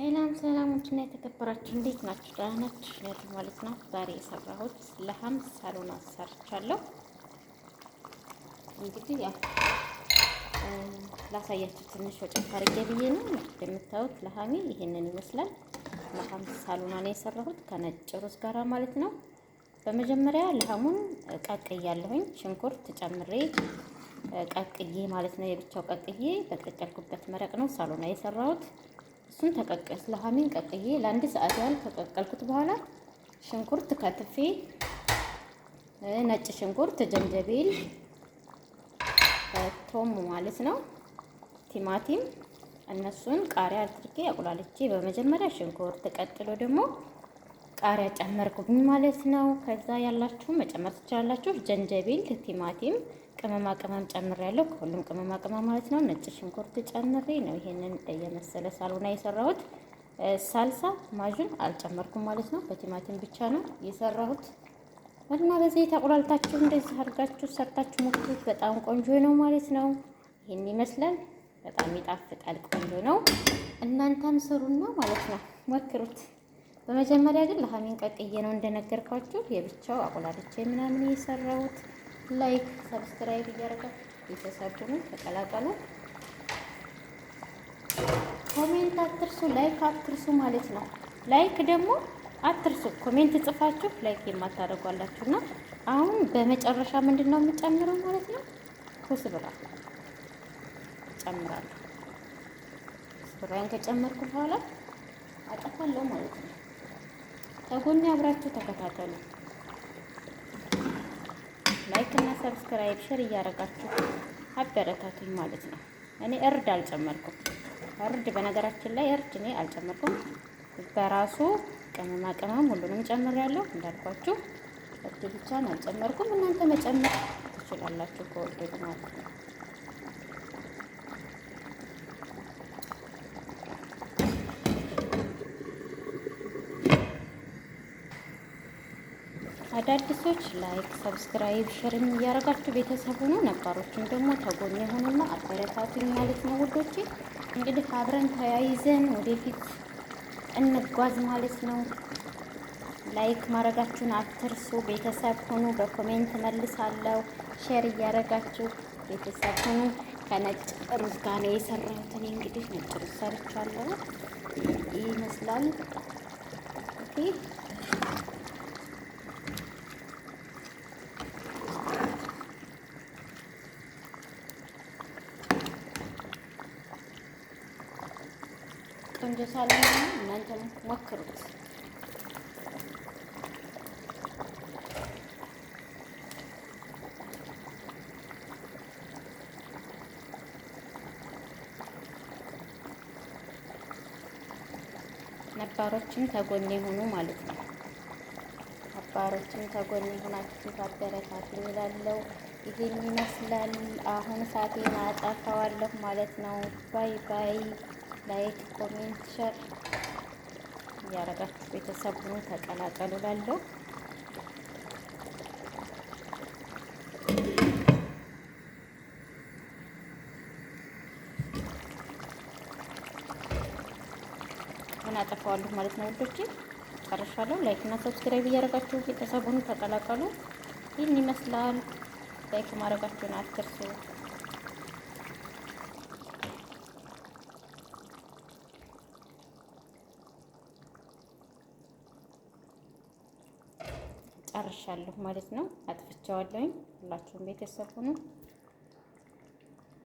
ሰላም ሰላም እና የተከበራችሁ እንዴት ናችሁ? ደህና ናችሁ ማለት ነው። ዛሬ የሰራሁት ለሀም ሳሎን አሰርቻለሁ። እንግዲህ ያው ላሳያችሁ ትንሽ ወጭ አድርጌ ብዬ ነው። እንደምታዩት ለሀሜ ይሄንን ይመስላል። ለሀም ሳሎና ነው የሰራሁት ከነጭ ሩዝ ጋራ ማለት ነው። በመጀመሪያ ለሀሙን ቀቅያለሁኝ ሽንኩርት ጨምሬ ቀቅዬ ማለት ነው። የብቻው ቀቅዬ በቀቀልኩበት መረቅ ነው ሳሎና የሰራሁት። እሱን ተቀቀል ለሀሚን ቀቅዬ ለአንድ ሰዓት ያህል ከቀቀልኩት በኋላ ሽንኩርት ከትፌ ነጭ ሽንኩርት፣ ጀንጀቤል፣ ቶም ማለት ነው፣ ቲማቲም እነሱን ቃሪያ አድርጌ አቁላልቼ በመጀመሪያ ሽንኩርት ቀጥሎ ደግሞ ቃሪያ ጨመርኩብኝ ማለት ነው። ከዛ ያላችሁ መጨመር ትችላላችሁ። ጀንጀቤል፣ ቲማቲም ቅመማ ቅመም ጨምሬያለሁ። ከሁሉም ቅመማ ቅመም ማለት ነው። ነጭ ሽንኩርት ጨምሬ ነው ይሄንን የመሰለ ሳልሆና የሰራሁት። ሳልሳ ማዥን አልጨመርኩም ማለት ነው። በቲማቲም ብቻ ነው የሰራሁት እና በዚህ ተቆላልታችሁ እንደዚህ አድርጋችሁ ሰርታችሁ ሞክሩት። በጣም ቆንጆ ነው ማለት ነው። ይህን ይመስላል። በጣም ይጣፍጣል። ቆንጆ ነው። እናንተም ስሩና ማለት ነው ሞክሩት። በመጀመሪያ ግን ለሀሚን ቀቅዬ ነው እንደነገርኳችሁ የብቻው አቆላልቼ ምናምን የሰራሁት ላይክ ሰብስክራይብ እያደረጋችሁ ቤተሰቡን ተቀላቀሉ። ኮሜንት አትርሱ፣ ላይክ አትርሱ ማለት ነው። ላይክ ደግሞ አትርሱ። ኮሜንት ጽፋችሁ ላይክ እና አሁን በመጨረሻ ምንድን ነው የምጨምረው ማለት ነው? ኩስብራ ጨምራለሁ። ኩስብራን ከጨመርኩ በኋላ አጠፋለሁ ማለት ነው። ከጎኔ አብራችሁ ተከታተሉ። ላይክ እና ሰብስክራይብ ሼር እያደረጋችሁ አበረታቱኝ ማለት ነው። እኔ እርድ አልጨመርኩም። እርድ በነገራችን ላይ እርድ እኔ አልጨመርኩም። በራሱ ቅመማ ቅመም ሁሉንም ጨምሬያለሁ እንዳልኳችሁ፣ እርድ ብቻን አልጨመርኩም። እናንተ መጨመር ትችላላችሁ ከወደዱ ማለት ነው። አዳዲሶች ላይክ፣ ሰብስክራይብ፣ ሸርም እያደረጋችሁ ቤተሰብ ሆኑ። ነባሮችን ደግሞ ተጎን የሆኑና አበረታቱኝ ማለት ነው ውዶች። እንግዲህ አብረን ተያይዘን ወደፊት እንጓዝ ማለት ነው። ላይክ ማድረጋችሁን አትርሱ። ቤተሰብ ሆኑ። በኮሜንት መልሳለሁ። ሼር እያደረጋችሁ ቤተሰብ ሆኑ። ከነጭ ሩዝ ጋር ነው የሰራሁት። እኔ እንግዲህ ነጭ ሩዝ ሰርቻለሁ። ይህ ይመስላል። ቆንጆ ሳለን እናንተ ሞክሩት። ነባሮችም ተጎን የሆኑ ማለት ነው። ነባሮችም ተጎን የሆናችሁ ታበረታቱ ይላለው። ይሄን ይመስላል። አሁን እሳቴን አጠፋዋለሁ ማለት ነው። ባይ ባይ። ላይክ፣ ኮሜንት፣ ሸር እያረጋችሁ ቤተሰቡን ተቀላቀሉ ላለው ምን አጠፋዋለሁ ማለት ነው ውዶቼ፣ ጨርሻለሁ። ላይክ እና ሰብስክራይብ እያደረጋችሁ ቤተሰቡን ተቀላቀሉ። ይህን ይመስላል። ላይክ ማድረጋችሁን አትርሱ። ጨርሻለሁ ማለት ነው። አጥፍቼዋለሁኝ። ሁላችሁም ቤተሰብ ሁኑ።